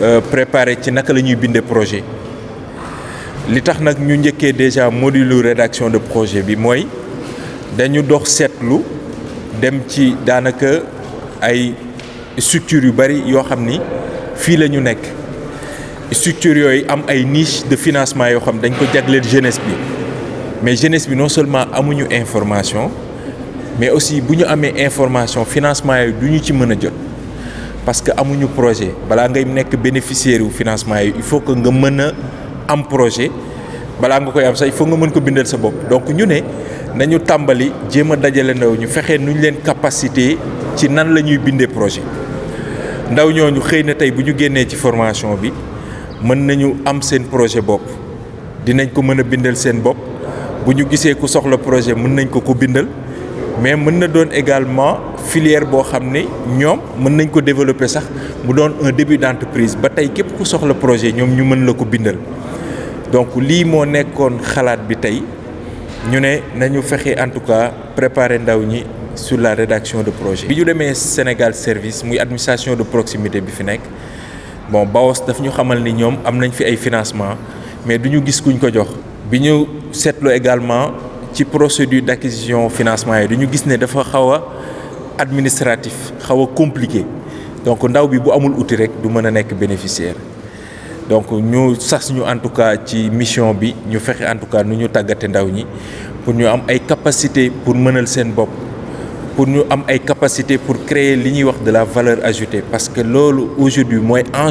Euh, préparé ci naka lañuy bindé projet li tax nak ñu njëkkee déjà module rédaction de projet bi moy dañu dox seetlu dem ci danaka ay structure yu bari yo xamni fi lañu nek structure yoy am ay niche de financement yo xam dañ ko jaglé jeunesse bi mais jeunesse bi non seulement amuñu information mais aussi buñu amé information financement yooyu du ci mëna jot parce que amuñu projet balaa ngay nekk bénéficiaire wu financement yi il faut que nga mën a am projet balaa nga koy am sax il faut nga mën ko bindal sa bopp donc ñu ne nañu tàmbali jéem a dajale ndaw ñu fexee nu ñu leen capacité ci nan la ñuy bindee projet ndaw ñooñu xëy na tey bu ñu génnee ci formation bi mën nañu am seen projet bopp dinañ ko mën a bindal seen bopp bu ñu gisee ku soxla projet mën nañ ko ko bindal mais mën na doon également. filière bo xamné ñom ñoom mën nañ ko développer sax mu doon un début d'entreprise ba tay képp ku soxla projet ñom ñu mën la ko bindal donc li mo nekkoon xalaat bi tay ñu ne nañu fexé en tout cas préparer ndaw ñi sur la rédaction de projet. bi ñu demee Sénégal service muy administration de proximité bi fi nekk bon BAOS daf ñu xamal ni ñom am nañ fi ay financement mais duñu ñu gis kuñ ko jox. bi ñu également ci procédure d'acquisition financement yi du ñu gis ne dafa xawa administratif xawa compliqué donc ndaw bi bu amul outil rek du meuna nek bénéficiaire donc nous sas ñu en tout cas ci mission bi ñu fexe en tout cas nu ñu tagaté ndaw ñi pour ñu am ay capacité pour mënal sen bop pour ñu am ay capacité pour créer de la valeur ajoutée parce que loolu aujourd'hui moins en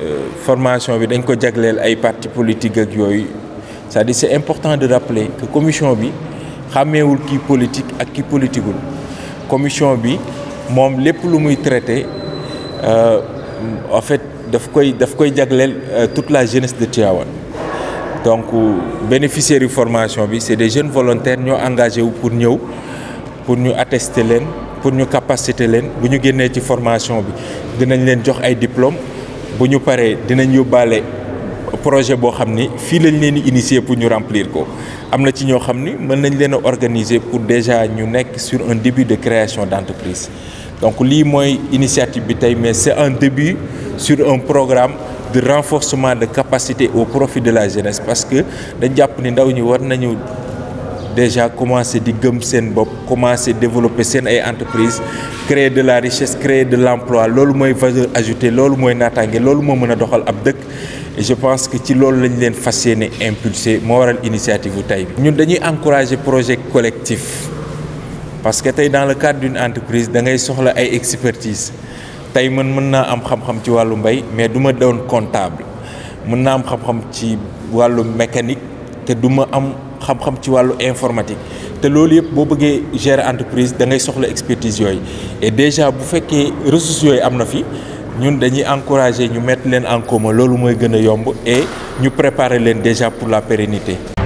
Euh, formation bi dañ ko politique cest important de rappeler que commission bi politique ak commission bi euh, en fait euh, toute la jeunesse de Tiawan. donc bénéficiaires la formation bi c'est des jeunes volontaires ñoo engagé wu pour nous pour nous attester pour nous capaciter pour bu ñu ci formation diplômes bu ñu parler de nos projet nous xamni fi lañ leen initier pour ñu remplir ko avons organisé ci ño xamni nañ organiser pour déjà ñu nekk sur un début de création d'entreprise donc li moy initiative bi tay mais c'est un début sur un programme de renforcement de capacité au profit de la jeunesse parce que dañ japp ni ndaw ñu war nañu déjà commencer di gëm seen bob, développer ces entreprises créer de la richesse créer de l'emploi loolu mooy valeur ajoutée loolu mooy naataange loolu moo mën a doxal ab dëkk et je pense que c'est ce lañ leen fas impulser impulsé waral initiative bu tey bi ñun dañuy encourager projet collectif parce que dans le cadre d'une entreprise da ngay soxla ay expertise tey man mën am xam-xam ci je mbay mais pas ma comptable mën am xam-xam ci wàllu mécanique te ne suis am xam-xam ci wàllu informatique te loolu yëpp boo bëggee gérer entreprise da ngay soxla expertise yooyu et déjà bu fekkee ressources yooyu am na fi ñun dañuy encourager ñu mettre leen en commun loolu mooy gën a yomb et ñu préparer leen déjà pour la pérennité